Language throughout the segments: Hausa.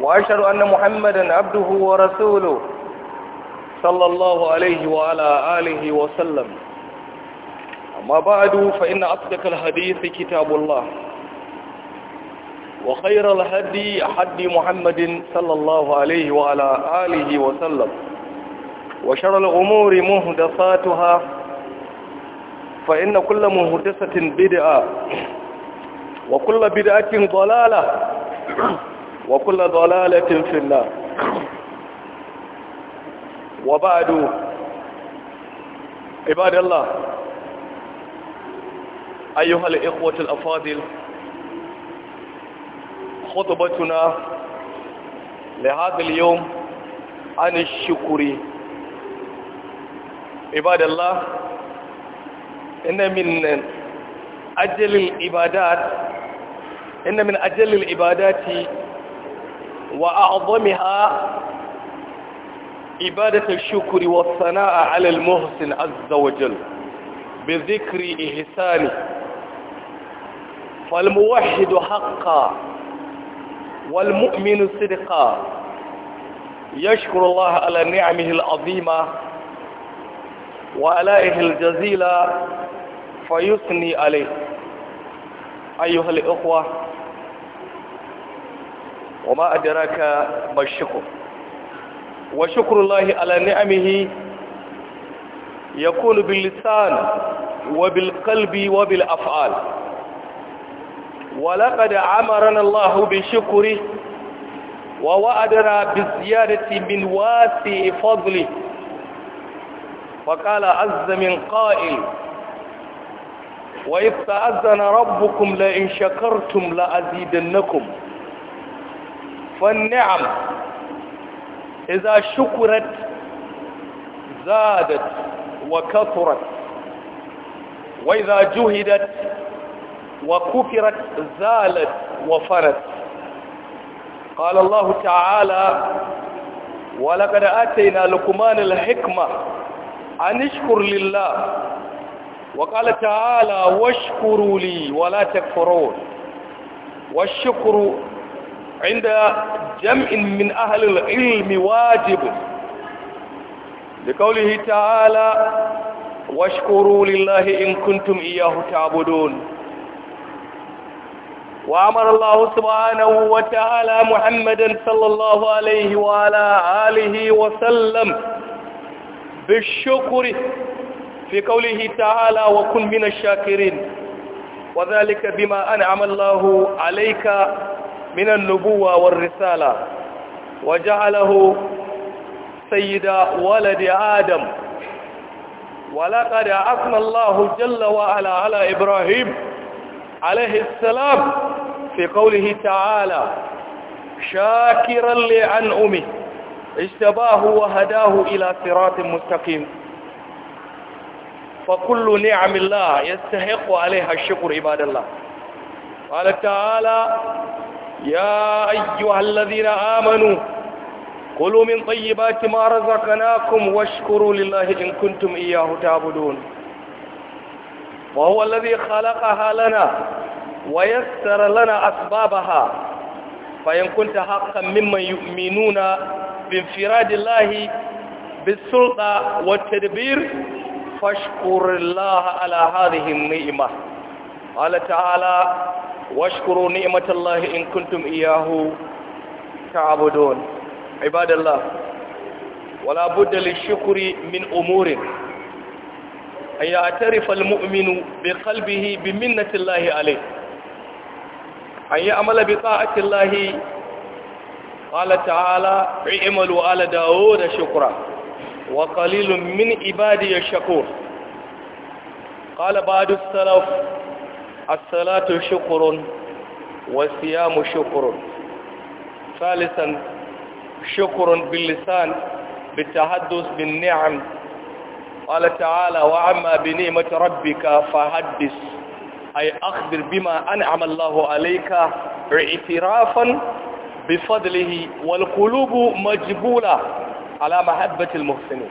وأشهد أن محمدا عبده ورسوله صلى الله عليه وعلى آله وسلم أما بعد فإن أصدق الحديث كتاب الله وخير الهدي حد محمد صلى الله عليه وعلى آله وسلم وشر الأمور مهدساتها فإن كل مهدسة بدعة وكل بدعة ضلالة وكل ضلالة في النار وبعد عباد الله أيها الإخوة الأفاضل خطبتنا لهذا اليوم عن الشكر عباد الله إن من أجل العبادات إن من أجل العبادات وأعظمها إبادة الشكر والثناء على المحسن عز وجل بذكر إحسانه فالموحد حقا والمؤمن صدقا يشكر الله على نعمه العظيمة وعلائه الجزيلة فيثني عليه أيها الإخوة وما أدراك ما الشكر وشكر الله على نعمه يكون باللسان وبالقلب وبالأفعال ولقد عمرنا الله بشكره ووعدنا بالزيادة من واسع فضله فقال عز من قائل وإذ تأذن ربكم لئن شكرتم لأزيدنكم فالنعم إذا شكرت زادت وكثرت وإذا جهدت وكفرت زالت وفرت قال الله تعالى ولقد آتينا لقمان الحكمة أن اشكر لله وقال تعالى واشكروا لي ولا تكفرون والشكر عند جمع من أهل العلم واجب لقوله تعالى واشكروا لله إن كنتم إياه تعبدون وأمر الله سبحانه وتعالى محمدا صلى الله عليه وعلى آله وسلم بالشكر في قوله تعالى وكن من الشاكرين وذلك بما أنعم الله عليك من النبوة والرسالة وجعله سيد ولد آدم ولقد أثنى الله جل وعلا على إبراهيم عليه السلام في قوله تعالى شاكرا لعن أمه اجتباه وهداه إلى صراط مستقيم فكل نعم الله يستحق عليها الشكر عباد الله قال تعالى يا أيها الذين آمنوا قلوا من طيبات ما رزقناكم واشكروا لله إن كنتم إياه تعبدون وهو الذي خلقها لنا ويسر لنا أسبابها فإن كنت حقا ممن يؤمنون بانفراد الله بالسلطة والتدبير فاشكر الله على هذه النعمة قال تعالى واشكروا نعمة الله إن كنتم إياه تعبدون عباد الله ولا بد للشكر من أمور أن يعترف المؤمن بقلبه بمنة الله عليه أن يعمل بطاعة الله قال تعالى اعملوا على داود شكرا وقليل من عبادي الشكور قال بعض السلف الصلاة شكر والصيام شكر ثالثا شكر باللسان بالتحدث بالنعم قال تعالى وعما بنعمة ربك فحدث أي أخبر بما أنعم الله عليك اعترافا بفضله والقلوب مجبولة على محبة المحسنين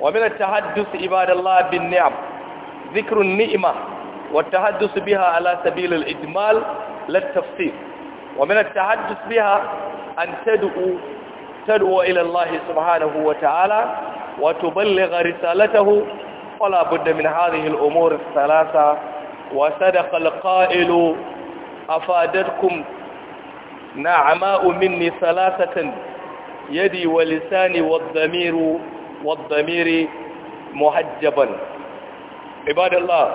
ومن التحدث عباد الله بالنعم ذكر النعمة والتحدث بها على سبيل الإجمال لا التفصيل ومن التحدث بها أن تدعو تدعو إلى الله سبحانه وتعالى وتبلغ رسالته ولا بد من هذه الأمور الثلاثة وصدق القائل أفادتكم نعماء مني ثلاثة يدي ولساني والضمير والضمير محجبا عباد الله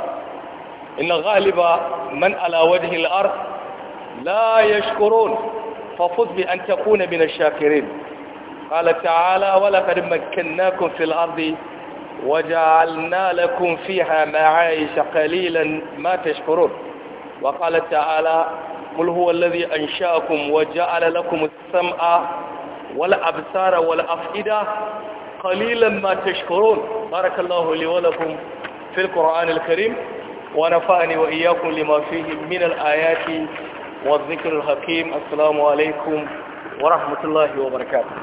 إن غالب من على وجه الأرض لا يشكرون ففض بأن تكون من الشاكرين قال تعالى ولقد مكناكم في الأرض وجعلنا لكم فيها معايش قليلا ما تشكرون وقال تعالى قل هو الذي أنشأكم وجعل لكم السمع والأبصار والأفئدة قليلا ما تشكرون بارك الله لي ولكم في القرآن الكريم ونفعني وإياكم لما فيه من الآيات والذكر الحكيم السلام عليكم ورحمة الله وبركاته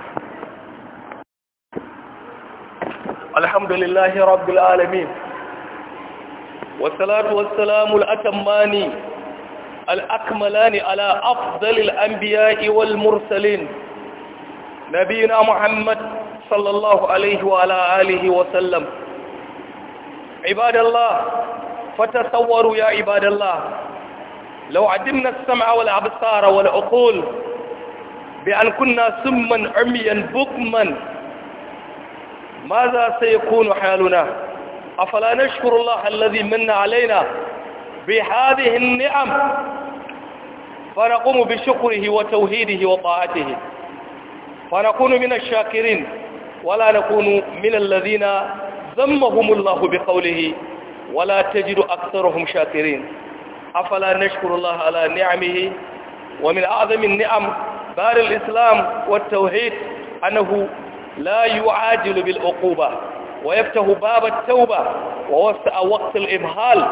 الحمد لله رب العالمين والصلاة والسلام الأتمان الأكملان على أفضل الأنبياء والمرسلين نبينا محمد صلى الله عليه وعلى آله وسلم عباد الله فتصوروا يا عباد الله لو عدمنا السمع والأبصار والعقول بأن كنا سما عميا بكما ماذا سيكون حالنا أفلا نشكر الله الذي من علينا بهذه النعم فنقوم بشكره وتوحيده وطاعته فنكون من الشاكرين ولا نكون من الذين ذمهم الله بقوله ولا تجد أكثرهم شاكرين أفلا نشكر الله على نعمه ومن أعظم النعم بار الإسلام والتوحيد أنه لا يعاجل بالعقوبة ويفتح باب التوبة ووسع وقت الإبهال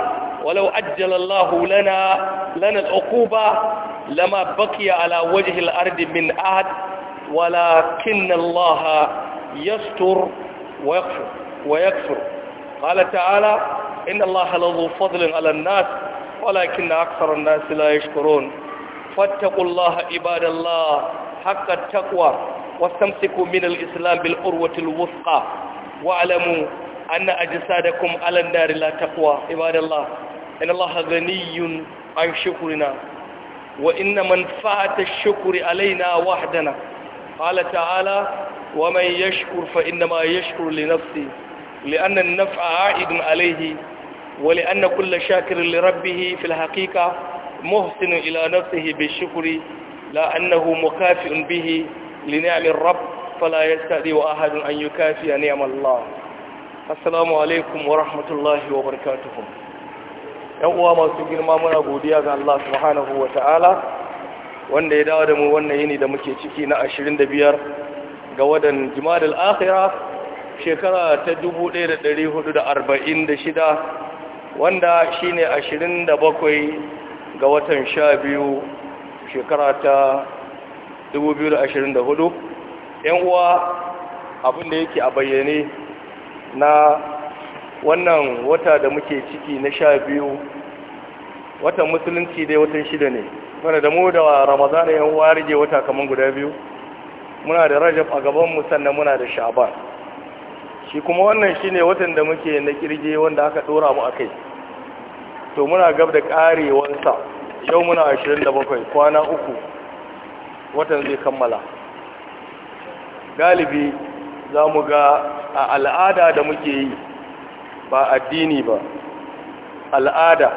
ولو أجل الله لنا لنا العقوبة لما بقي على وجه الأرض من أحد ولكن الله يستر ويكفر ويكفر قال تعالى إن الله لذو فضل على الناس ولكن أكثر الناس لا يشكرون فاتقوا الله عباد الله حق التقوى واستمسكوا من الإسلام بالقروة الوثقى واعلموا أن أجسادكم على النار لا تقوى عباد الله إن الله غني عن شكرنا وإن منفعة الشكر علينا وحدنا قال تعالى ومن يشكر فإنما يشكر لنفسه لأن النفع عائد عليه wale an na kulle shakirin lirabihi filhaƙiƙa mahusinin ilanarsa hebe shukuri la'annahu mukafin bihi linamin rab falayar sadi wa ahadin an yi kafi a neman Allah assalamu alaikum wa rahmatullahi wa barkatuhun yan uwa masu girma muna godiya ga Allah subhanahu wa ta'ala wanda ya dawo da mu wannan yini da muke ciki na biyar ga wadan jima'ar al'akhira shekara ta da da da hudu arba'in shida. wanda shi ne ashirin da bakwai ga watan sha biyu shekara ta 2024 yan uwa abin da yake a bayyane na wannan wata da muke ciki na sha biyu, watan musulunci dai watan shida ne mana da mu da ramazan yan uwa rige wata kaman guda biyu muna da rajab a gaban sannan muna da sha'ban shi kuma wannan shine watan da muke na kirge wanda aka dora mu a kai. to muna gab da karewansa yau muna 27 kwana uku watan zai kammala galibi za mu ga a al'ada da muke yi ba addini ba al'ada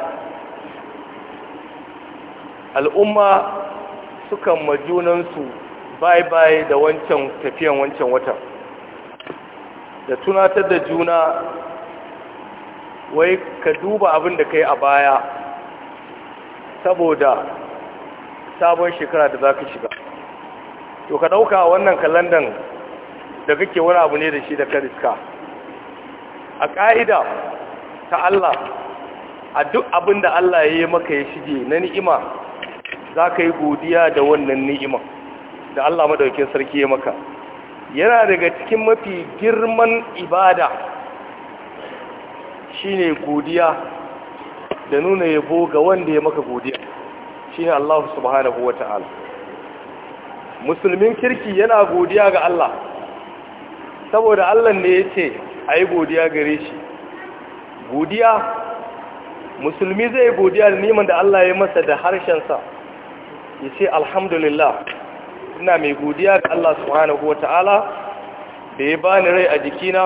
al'umma sukan majunansu bai-bai da wancan tafiyan wancan watan da tunatar da juna wai ka duba abin da ka a baya saboda sabon shekara da za ka shiga to ka ɗauka wannan kalandan da kake wani abu ne da shi da ka riska a ƙa'ida ta Allah a duk abin da Allah ya yi maka ya shige na ni'ima za ka yi godiya da wannan ni'ima da Allah madaukin sarki ya maka yana daga cikin mafi girman ibada shine godiya da nuna yabo ga wanda ya maka godiya shine Allah subhanahu wata'ala musulmin kirki yana godiya ga Allah saboda Allah ne ya ce a yi godiya gare shi godiya musulmi zai godiya da neman da Allah ya masa da harshensa ya ce alhamdulillah ina mai godiya ga Allah subhanahu wa da ya bani rai a jikina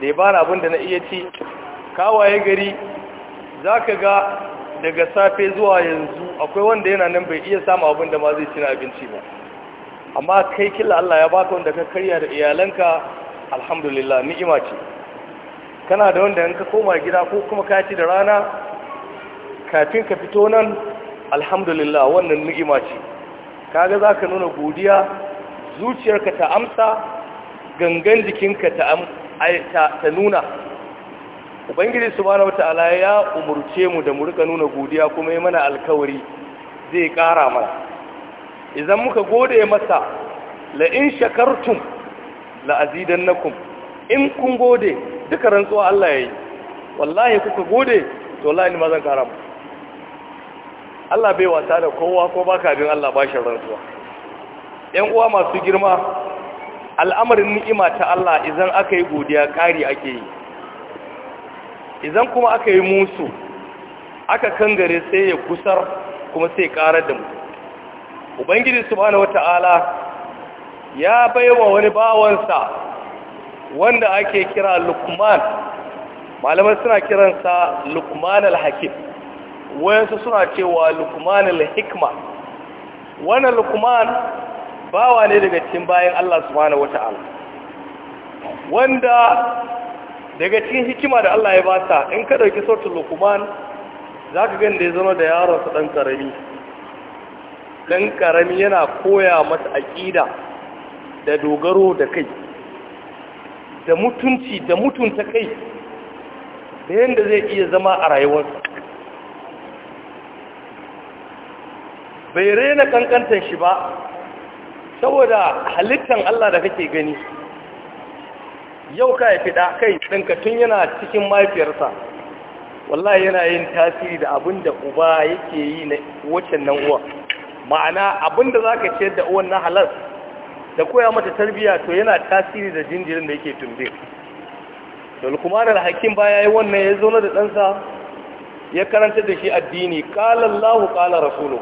da ya bani abin da na iya ci kawaye gari za ka ga daga safe zuwa yanzu akwai wanda yana nan bai iya samu abin da ma zai cina abinci ba amma kai killa Allah ya baka wanda ka karya da iyalanka alhamdulillah ni'ima ce kana da wanda ka koma gida ko kuma ka ci da rana kafin ka fito nan alhamdulillah wannan ni'ima ce kaga ka nuna godiya zuciyarka ta amsa gangan jikinka ta nuna ubangiji subhanahu wataala ya umurce mu da mu rika nuna godiya kuma ya mana alkawari zai ƙara mana idan muka gode masa la in shakartum la azidannakum in kun gode duka rantsuwa Allah yayi wallahi kuka gode to wallahi ni ma zan ƙara mu Allah bai wasa da kowa ko baka bin Allah bashin rantsuwa Yan uwa masu girma al'amarin ni'ima ta Allah idan aka yi godiya ƙari ake yi idan kuma aka yi musu aka kangare sai ya gusar kuma sai karar da mu ubangiji subhanahu wata'ala ya wa wani bawansa wanda ake kira Luqman. malaman suna kiransa Luqman al-hakim wayansu suna cewa Luqman al-hikma wannan Luqman bawa ne daga cikin bayan Allah subhanahu wata'ala wanda daga cikin hikima da Allah ya ba ta in ka ɗauki sautin lukuman za ka gan da ya zama da yaronsa ɗan ƙarami ɗan ƙarami yana koya masa aƙida da dogaro da kai da mutunci da mutunta kai da yadda zai iya zama a rayuwarsa bai rena kankantar shi ba saboda halittar Allah da kake gani yau ka ya fiɗa kai ɗinka tun yana cikin mahaifiyarsa wallahi yana yin tasiri da abin da uba yake yi na waccan nan uwa ma'ana abin da za ka ce da uwan na halar da koya mata tarbiyya to yana tasiri da jinjirin da yake tumbe da lukman hakim baya yi wannan ya zo da ɗansa ya karanta da shi addini ƙalallahu ƙala rasulu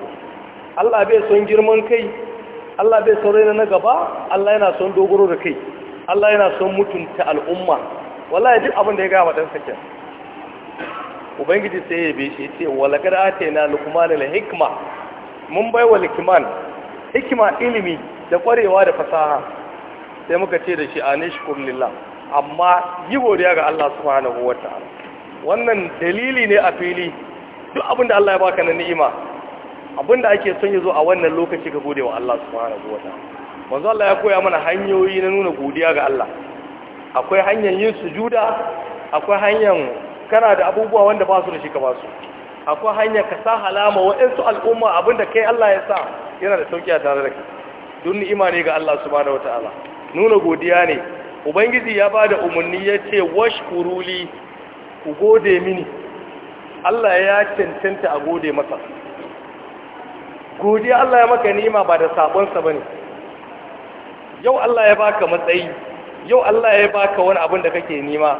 Allah bai son girman kai Allah bai son raina na gaba Allah yana son dogoro da kai Allah yana son mutunta al'umma wallahi duk abin da ya gaya wa ɗansa ke ubangiji sai ya yabe shi ce wa laqad na luqman al hikma mun bai wa luqman hikima ilimi da ƙwarewa da fasaha sai muka ce da shi anishkur lillah amma yi godiya ga Allah subhanahu wataala wannan dalili ne a fili duk abin da Allah ya baka na ni'ima abin da ake son ya zo a wannan lokaci ka gode wa Allah subhanahu wataala manzo Allah ya koya mana hanyoyi na nuna godiya ga Allah akwai hanyar yin sujuda akwai hanyar kana da abubuwa wanda ba su da shi ka ba su akwai hanyar ka sa halama su al'umma abinda kai Allah ya sa yana da sauki a tare da kai Don ni, imani ga Allah subhanahu wataala nuna godiya ne ubangiji ya bada umarni ya ce washkuruli ku gode mini Allah ya cancanta a gode masa godiya Allah ya maka Nima ba da sabonsa bane yau Allah ya baka matsayi yau Allah ya baka wani abin da kake nema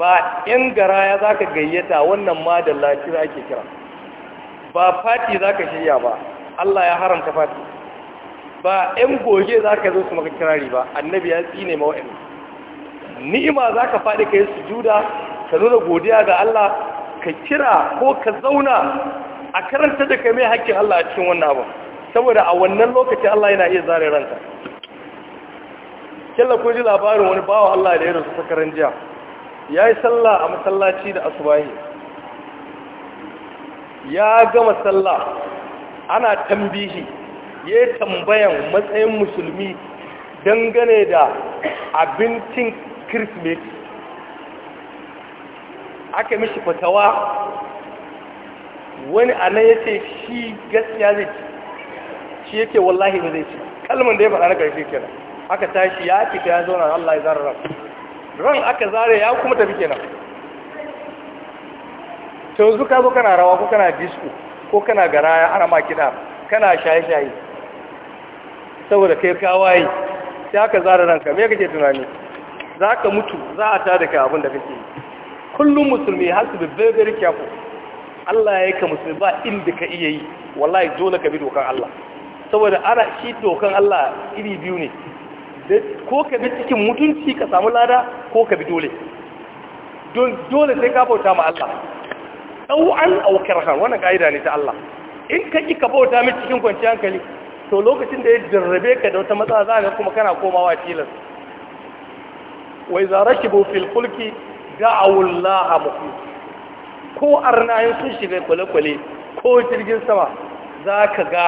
ba yan garaya zaka gayyata wannan ma da lafiya ke kira ba fati zaka shirya ba Allah ya haramta fati ba yan goge zaka zo su maka kirari ba annabi ya tsine ma wa'in ni'ima zaka faɗi kai sujuda ka nuna godiya ga Allah ka kira ko ka zauna a karanta da kai mai haƙƙin Allah a cikin wannan abu saboda a wannan lokacin Allah yana iya zare ranka kyalla ko ji labarin wani bawa Allah da ya rasu sakaran jiya ya yi sallah a masallaci da asubahi ya gama sallah ana tambihi ya yi tambayan matsayin musulmi dangane da abincin kirsimeti aka mishi fatawa wani ana ya ce shi gaskiya zai ci shi yake wallahi ba zai ci kalmar da ya faɗa na ƙarshe kenan aka tashi ya fita ya zauna Allah ya zara ran Ran aka zare ya kuma tafi kenan to yanzu ka zo kana rawa ko kana disco ko kana garaya ana ma kiɗa kana shaye-shaye saboda kai ka waye sai aka zara ranka me kake tunani za ka mutu za a tada ka abin da kake yi kullum musulmi has to be very very careful Allah ya yi ka musulmi ba inda ka iya yi wallahi dole ka bi dokan Allah saboda ana shi dokan Allah iri biyu ne ko ka bi cikin mutunci ka samu lada ko ka bi dole dole sai ka bauta ma Allah aukar aukarhan wannan ka'ida ne ta Allah in ka ki ka bauta mai cikin kwanci hankali to lokacin da ya jarrabe ka da wata matsala za ka kuma kana komawa tilas wai zara shi bu fil kulki Allah ko arnayin sun shiga kwale-kwale ko jirgin sama za ka ga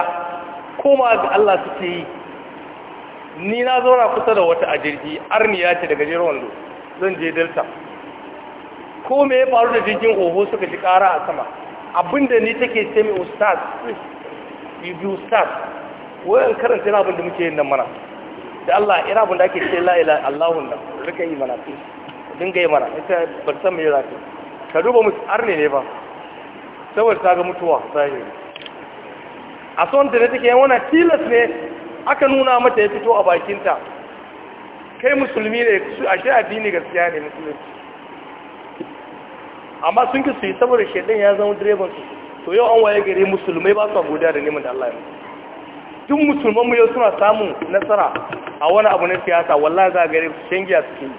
koma ga Allah suke yi ni na zauna kusa da wata a jirgi arniya ce daga jirgin wando zan je delta ko me ya faru da jirgin oho suka ji kara a sama abinda ni take ce mai ustaz biyu ustaz wayan karanta yana abinda muke yin nan mana da Allah ina abinda ake ce la ila Allahun nan rika yi mana fi dinga yi mana ita ba san me za ka duba mu, arne ne ba saboda ta ga mutuwa sai a son da take yin wannan tilas ne aka nuna mata ya fito a bakinta kai musulmi ne su ashe addini gaskiya ne musulmi amma sun ki su yi saboda shaidan ya zama direban su to yau an waye gare musulmai ba su godiya da neman da Allah ya duk musulmanmu yau suna samun nasara a wani abu na siyasa wallahi za a gare su shangiya suke yi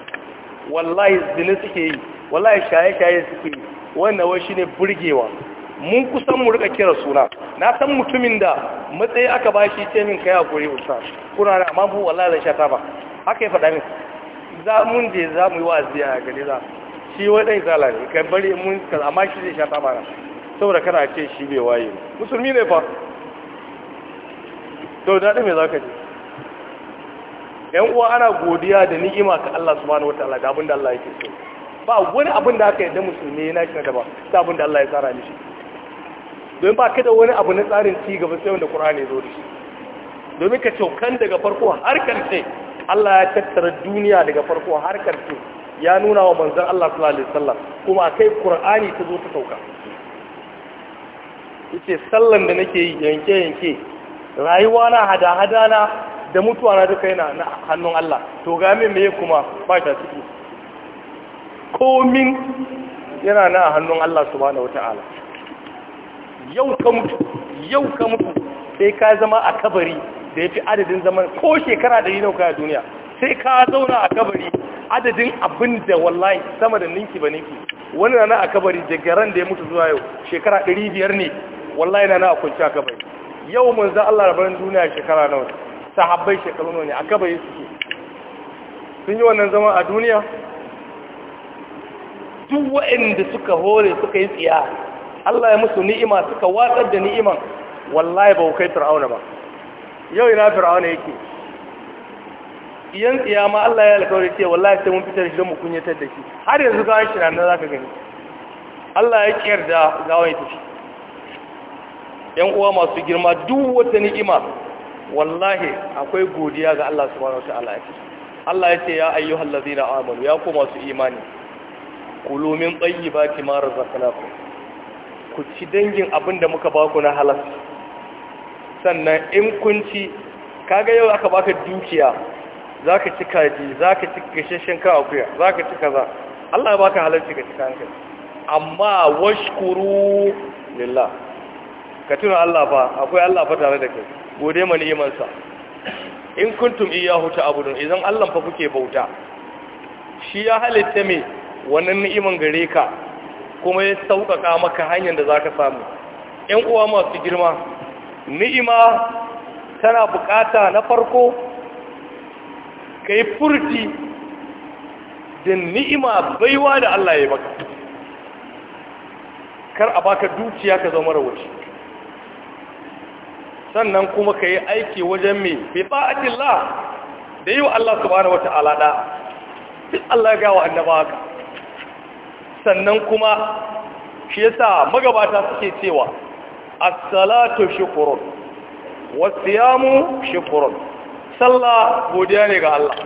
wallahi zina suke yi wallahi shaye-shaye suke yi wannan wai shine burgewa mun kusan mu rika kira suna na san mutumin da matsayi aka ba shi ce min kai hakuri usta kuna da amma bu wallahi zan shata ba haka ya faɗa min za mun je za mu yi wa'azi a gari za shi wai dai zala ne kai bari mun kaza amma shi zai sha ba na saboda kana ce shi bai waye musulmi ne fa to da me za ka ji yan uwa ana godiya da ni'ima ka Allah subhanahu wataala da abin da Allah yake so ba wani abin da aka yarda musulmi na shi na daba ta abin da Allah ya tsara mishi don ba ka da wani abu na tsarin ci gaba sai wanda ƙura'ani zo da shi domin ka cokan daga farko har karshe Allah ya tattara duniya daga farko har karshe ya nuna wa manzan Allah sallallahu alaihi wasallam kuma kai ƙura'ani ta zo ta sauka yace sallan da nake yi yanke yanke rayuwa na hada hada na da mutuwa na duka yana na hannun Allah to ga min kuma ba ta ciki komin yana na hannun Allah subhanahu wataala yau ka mutu yau ka mutu sai ka zama a kabari da ya fi adadin zaman ko shekara da yi nauka a duniya sai ka zauna a kabari adadin abin da wallahi sama da ninki ba ninki wani na a kabari daga ran da ya mutu zuwa yau shekara 500 ne wallahi na na a kwanci a kabari yau mun za Allah rabarin duniya shekara nawa sahabbai shekaru nawa ne a kabari suke sun yi wannan zama a duniya duk waɗanda suka hore suka yi tsiya Allah ya musu ni'ima suka watsar da ni'iman wallahi ba kai fir'auna ba yau ina fir'auna yake iyan tsiyama Allah ya alkawari ce wallahi sai mun fitar shi don mu kunyatar da shi har yanzu ga shi na za ka gani Allah ya kiyar da gawan ta shi. yan uwa masu girma duk wata ni'ima wallahi akwai godiya ga Allah subhanahu wataala yake Allah ya ce ya ayyuhallazina amanu ya ku masu imani kulumin min ki ma razaqnakum ku ci dangin abin da muka baku na halas sannan in kun ci kaga yau aka baka dukiya za ka ci kaji za ka ci gashashen kawo kuya za ka ci kaza Allah ya baka halarci ka ci kai. amma washkuru lillah ka tuna Allah fa akwai Allah fa tare da kai gode ma ni'imansa in kuntum abu don idan Allah fa kuke bauta shi ya halitta me wannan ni'iman gare ka kuma ya sauƙaƙa maka hanyar da za ka samu ‘yan uwa masu girma ni'ima tana buƙata na farko ka yi furti da ni'ima baiwa da Allah ya maka kar a baka dukiya ka zama rawaci sannan kuma ka yi aiki wajen mai bai ba'atillah da yi wa Allah subhanahu wata da Fi Allah ya gawa annaba haka sannan kuma shi yasa magabata suke cewa as-salatu shukrun was-siyamu shukrun sallah godiya ne ga Allah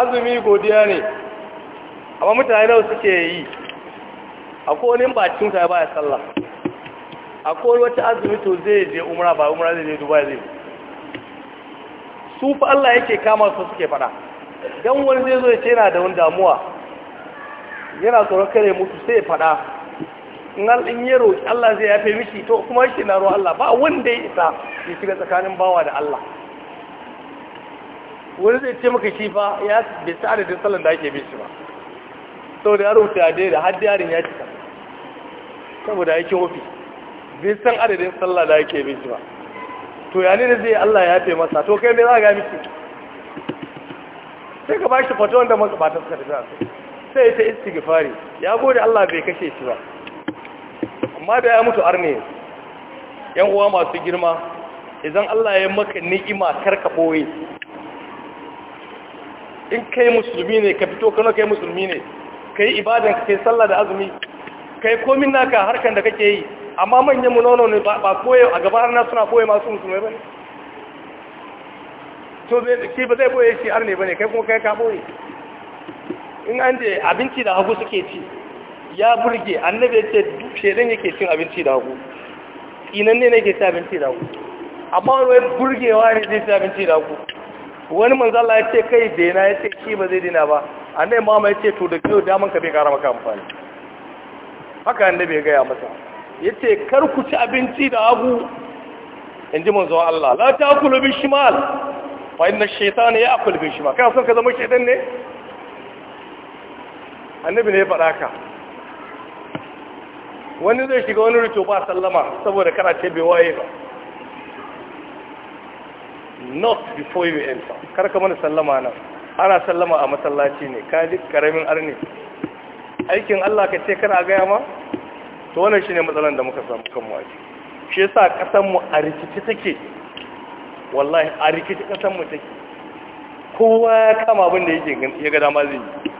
azumi godiya ne amma mutane nawa suke yi akwai wani bacin sa baya sallah akwai wata azumi to zai je umra ba umra zai je dubai zai su fa Allah yake kama su suke fada dan wani zai zo ya ce yana da wani damuwa yana tsoron kare mutu sai fada faɗa nan in ya roƙi Allah zai yafe miki to kuma shi na roƙon Allah ba wanda ya isa ya shiga tsakanin bawa da Allah wani zai ce maka shi fa ya bai sa adadin salon da ake bin shi ba saboda ya rubuta ya da har yarin ya cika saboda yake wofi bai san adadin sallah da yake bin shi ba to ya ne zai Allah ya yafe masa to kai ne za ka ga miki sai ka ba shi fata wanda ba ta saka da a sai ta istighfari ya gode Allah bai kashe shi ba amma da ya mutu arne yan uwa masu girma idan Allah ya maka ni'ima karka boye in kai musulmi ne ka fito kano kai musulmi ne kai ibadan ka kai sallah da azumi kai komin naka harkan da kake yi amma manyan mu nono ne ba koyo a gaban na suna koyo masu musulmai bane to ki ba zai boye shi arne bane kai kuma kai ka boye in an da abinci da hagu suke ci ya burge annabi ya ce shedan yake cin abinci da hagu inan ne nake ci abinci da hagu amma wani burgewa ne zai ci abinci da hagu wani manzala ya ce kai dena ya ce ki ba zai dina ba annabi mama ya ce to da kyau daman ka bai kara maka amfani haka annabi ya gaya masa ya ce kar ku ci abinci da hagu in ji manzo Allah la ta kulu bi shimal fa inna shaytana ya bi shimal kai son ka zama shaytan ne annabi ne ya faɗa ka wani zai shiga wani rito ba sallama saboda kana ce bai waye ba not before you enter kar ka mana sallama nan ana sallama a masallaci ne ka ji karamin arni aikin Allah ka ce kana gaya ma to wannan shine matsalan da muka samu kan a ciki shi yasa kasan mu a rikici take wallahi a rikici kasan mu take kowa ya kama abin da yake ya ga dama zai yi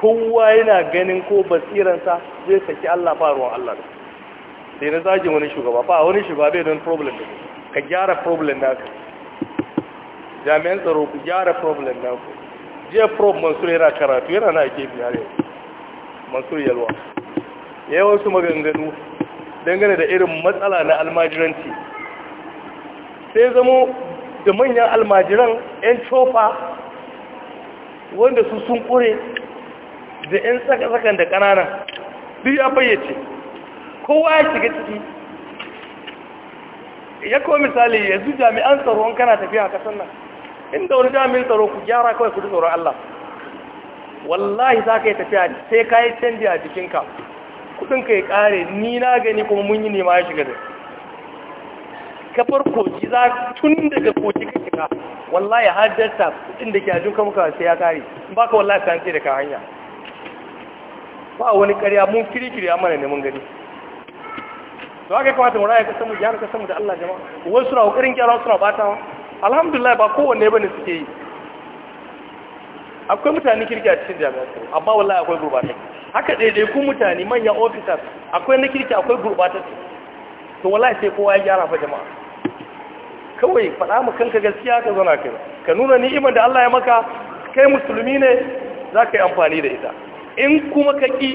kowa yana ganin ko basiransa zai saki Allah ba ruwan Allah sai na zagin wani shugaba ba wani shugaba bai don problem da ka gyara problem naka jami'an tsaro ku gyara problem naku jiya prof mansur yana karatu yana na ake biya yau mansur yalwa ya yi wasu maganganu dangane da irin matsala na almajiranci sai zamo da manyan almajiran 'yan cofa wanda su sun kure da 'yan tsaka-tsakan da ƙananan duk ya bayyace kowa ya shiga ciki ya kuma misali yanzu jami'an tsaron kana tafiya a kasan nan inda wani jami'in tsaro ku gyara kawai ku tsoron Allah wallahi za ka yi tafiya sai ka yi canji a jikinka ka ya kare ni na gani kuma mun yi nema ya shiga da kafar koci za tun daga koci ka shiga wallahi haddasta inda ke ajin kamuka sai ya kare ba ka wallahi san sai da ka hanya ba wani ƙarya mun kirkiri mana ne mun gani to haka kuma ta muraya kasan mu jihar kasan mu da Allah jama'a wasu suna kokarin kyara suna wa? alhamdulillah ba kowanne ba ne suke yi akwai mutane kirki a cikin jami'a amma wallahi akwai gurbata haka daidai ku mutane manyan officers akwai na kirki akwai gurbata to wallahi sai kowa ya gyara fa jama'a kawai faɗa mu kanka gaskiya ka zauna kai ka nuna ni'imar da Allah ya maka kai musulmi ne za ka yi amfani da ita in kuma kaki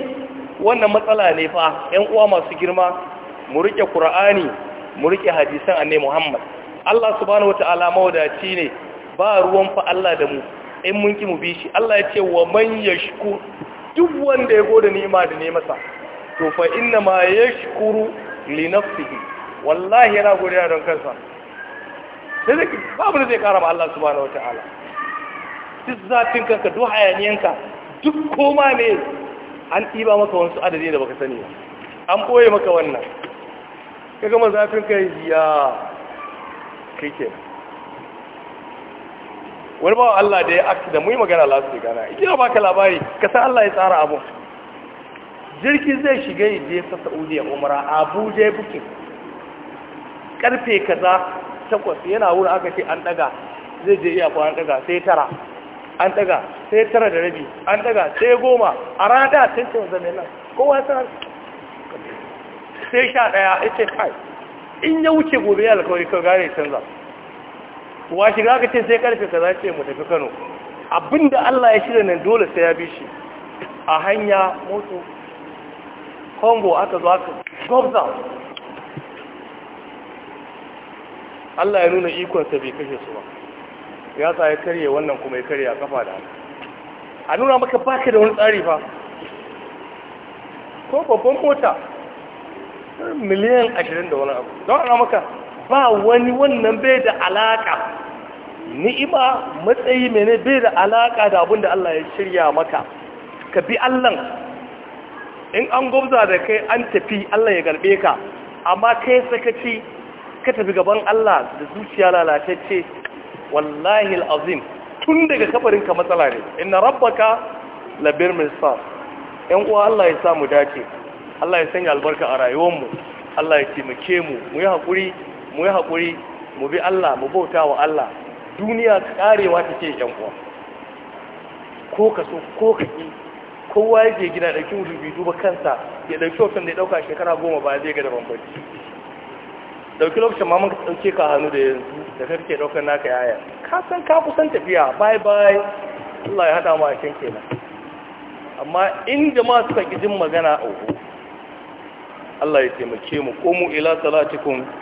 wannan matsala ne fa yan uwa masu girma mu rike qur'ani mu rike hadisan annabi Muhammad Allah subhanahu wataala mawadaci ne ba ruwan fa Allah da mu in mun ki mu bi shi Allah ya ce wa man yashkur duk wanda ya gode ni'ima da ne masa to fa inna ma yashkuru li nafsihi wallahi yana godiya don kansa sai da babu da zai kara ma Allah subhanahu wataala duk zatin kanka duk hayaniyanka duk koma ne an ɗiba maka wasu adadi da baka sani ba an ɓoye maka wannan ka gama zafin kai ya kike ke wani bawa Allah da ya aki da mu yi magana lasu gana ikina ka labari ka san Allah ya tsara abu jirgin zai shiga ya je sa ya umara abu ya bukin karfe kaza takwas yana wurin aka ce an daga zai je iya kwanan daga sai tara an daga sai tara da rabi an daga sai goma a rada sai ce mai nan kowa ta sai sha daya a ce kai in ya wuce gobe ya alkawari kawai gane canza wa shiga ka ce sai karfe ka za ce mu tafi kano abinda allah ya shirya nan dole sai ya bi shi a hanya moto congo aka zo aka gobza allah ya nuna ikonsa bai kashe su ba ya sa ya karye wannan kuma ya karye a kafa da a nuna maka baka da wani tsari fa ko babban mota miliyan ashirin da wani abu don ana maka ba wani wannan bai da alaka ni'ima matsayi mene bai da alaka da abin da Allah ya shirya maka ka bi Allah in an gwamza da kai an tafi Allah ya garbe ka amma kai sakaci ka tafi gaban Allah da zuciya lalatacce wallahi al'azim tun daga kabarin ka matsala ne inna rabbaka labir mirsal yan uwa Allah ya samu dace Allah ya sanya albarka a rayuwanmu, Allah ya taimake mu mu yi hakuri mu yi hakuri mu bi Allah mu bauta wa Allah duniya karewa ce yan uwa ko ka so ko ka ƙi kowa yake gida dauki wudubi duba kansa ya ɗauki hoton da ya dauka shekara goma ba zai ga da bambanci dauki lokacin ma ka ɗauke ka hannu da yanzu da kake daukar naka yaya ka san ka kusan tafiya bye bye Allah ya hada mu a cikin kenan amma in jama'a suka ki jin magana oho Allah ya taimake mu komu ila salatikum